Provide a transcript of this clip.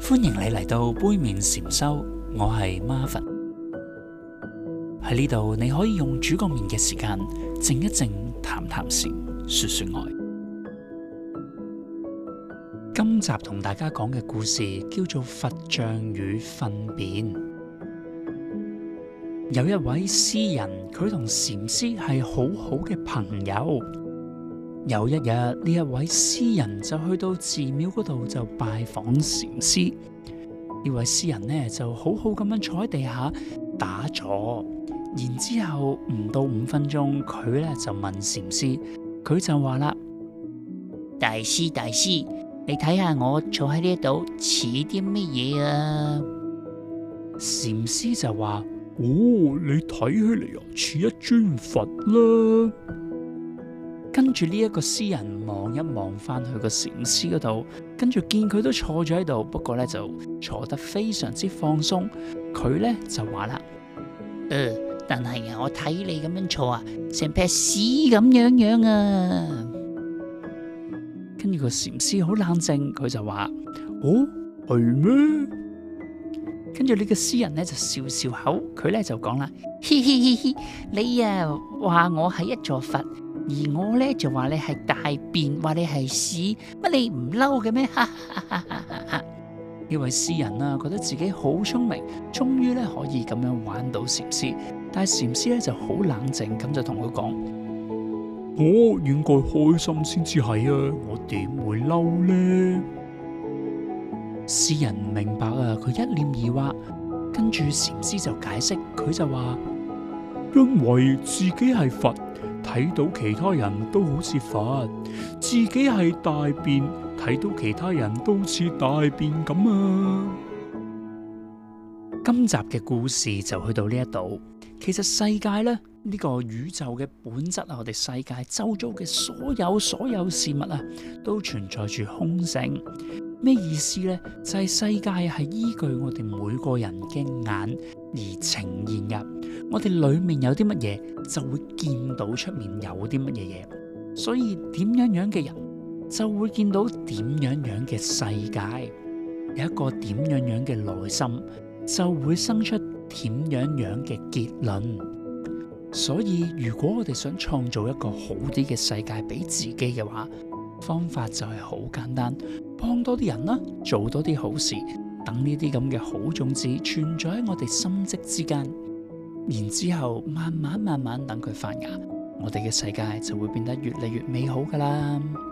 歡迎你嚟到杯麵禪修，我係 Marvin，喺呢度，你可以用煮個麵嘅時間靜一靜，談談禪，說說愛。今集同大家講嘅故事叫做《佛像與糞便》。有一位詩人，佢同禪師係好好嘅朋友。有一日，呢一位詩人就去到寺廟嗰度就拜訪禪師。呢位詩人呢，就好好咁樣坐喺地下打坐，然之後唔到五分鐘，佢咧就問禪師：佢就話啦，大師大師，你睇下我坐喺呢度似啲乜嘢啊？呀禪師就話：哦，你睇起嚟，又似一尊佛啦。跟住呢一個詩人望一望翻去個禪師嗰度，跟住見佢都坐咗喺度，不過咧就坐得非常之放鬆。佢咧就話啦：誒、呃，但係啊，我睇你咁樣坐啊，成撇屎咁樣，樣樣啊！跟住個禪師好冷靜，佢就話：哦，係咩？跟住呢個詩人咧就笑笑口，佢咧就講啦：嘻嘻嘻嘻，你啊話我係一座佛。而我咧就話你係大便，話你係屎，乜你唔嬲嘅咩？呢 位詩人啊，覺得自己好聰明，終於咧可以咁樣玩到禪師，但係禪師咧就好冷靜咁就同佢講：我應該開心先至係啊，我點會嬲呢？」詩人明白啊，佢一臉疑惑，跟住禪師就解釋，佢就話：因為自己係佛。睇到其他人都好似佛，自己係大便；睇到其他人都似大便咁啊！今集嘅故事就去到呢一度。其實世界呢，呢、呢個宇宙嘅本質啊，我哋世界周遭嘅所有所有事物啊，都存在住空性。咩意思呢？就係、是、世界係依據我哋每個人嘅眼。而呈現入我哋裏面有啲乜嘢，就會見到出面有啲乜嘢嘢。所以點樣樣嘅人，就會見到點樣樣嘅世界，有一個點樣樣嘅內心，就會生出點樣樣嘅結論。所以如果我哋想創造一個好啲嘅世界俾自己嘅話，方法就係好簡單，幫多啲人啦，做多啲好事，等呢啲咁嘅好種子存在我哋心跡之間，然之後慢慢慢慢等佢發芽，我哋嘅世界就會變得越嚟越美好㗎喇。